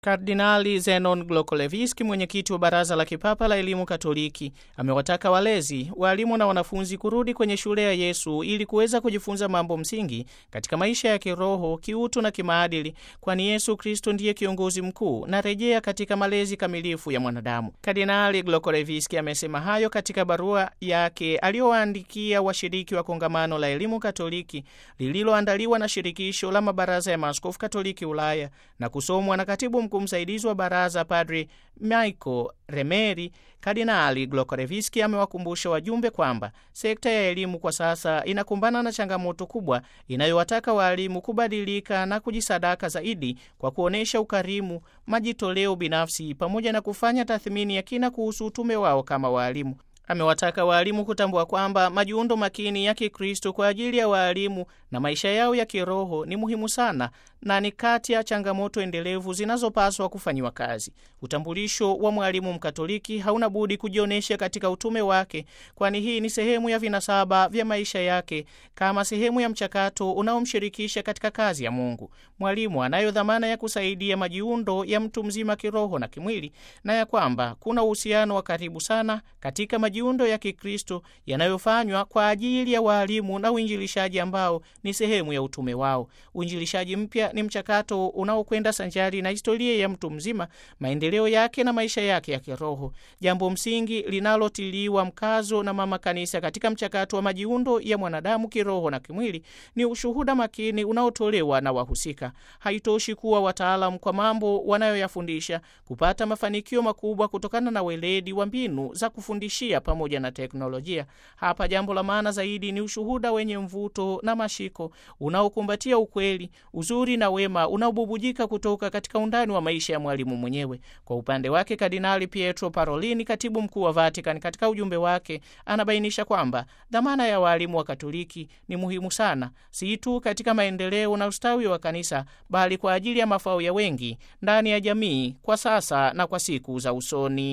Kardinali Zenon Glokolevski, mwenyekiti wa Baraza la Kipapa la Elimu Katoliki, amewataka walezi, walimu na wanafunzi kurudi kwenye shule ya Yesu ili kuweza kujifunza mambo msingi katika maisha ya kiroho, kiutu na kimaadili, kwani Yesu Kristo ndiye kiongozi mkuu na rejea katika malezi kamilifu ya mwanadamu. Kardinali Glokolevski amesema hayo katika barua yake aliyowaandikia washiriki wa kongamano la elimu Katoliki lililoandaliwa na shirikisho la mabaraza ya maaskofu Katoliki Ulaya na kusomwa na katibu tangu msaidizi wa baraza Padri Michael Remeri, Kardinali Glokoreviski amewakumbusha wajumbe kwamba sekta ya elimu kwa sasa inakumbana na changamoto kubwa inayowataka waalimu kubadilika na kujisadaka zaidi kwa kuonyesha ukarimu, majitoleo binafsi pamoja na kufanya tathmini ya kina kuhusu utume wao kama waalimu. Amewataka waalimu kutambua kwamba majiundo makini ya Kikristo kwa ajili ya waalimu na maisha yao ya kiroho ni muhimu sana na ni kati ya changamoto endelevu zinazopaswa kufanyiwa kazi. Utambulisho wa mwalimu Mkatoliki hauna budi kujionyesha katika utume wake, kwani hii ni sehemu ya vinasaba vya maisha yake kama sehemu ya mchakato unaomshirikisha katika kazi ya Mungu. Mwalimu anayo dhamana ya kusaidia majiundo ya mtu mzima kiroho na kimwili, na ya kwamba kuna uhusiano wa karibu sana katika majiundo majiundo ya Kikristo yanayofanywa kwa ajili ya waalimu na uinjilishaji ambao ni sehemu ya utume wao. Uinjilishaji mpya ni mchakato unaokwenda sanjari na historia ya mtu mzima, maendeleo yake na maisha yake ya kiroho, jambo msingi linalotiliwa mkazo na Mama Kanisa katika mchakato wa majiundo ya mwanadamu kiroho na kimwili ni ushuhuda makini unaotolewa na wahusika. Haitoshi kuwa wataalam kwa mambo wanayoyafundisha kupata mafanikio makubwa kutokana na weledi wa mbinu za kufundishia pamoja na teknolojia. Hapa jambo la maana zaidi ni ushuhuda wenye mvuto na mashiko unaokumbatia ukweli, uzuri na wema unaobubujika kutoka katika undani wa maisha ya mwalimu mwenyewe. Kwa upande wake, Kardinali Pietro Parolini, katibu mkuu wa Vatican, katika ujumbe wake anabainisha kwamba dhamana ya waalimu wa Katoliki ni muhimu sana, si tu katika maendeleo na ustawi wa kanisa, bali kwa ajili ya mafao ya wengi ndani ya jamii kwa sasa na kwa siku za usoni.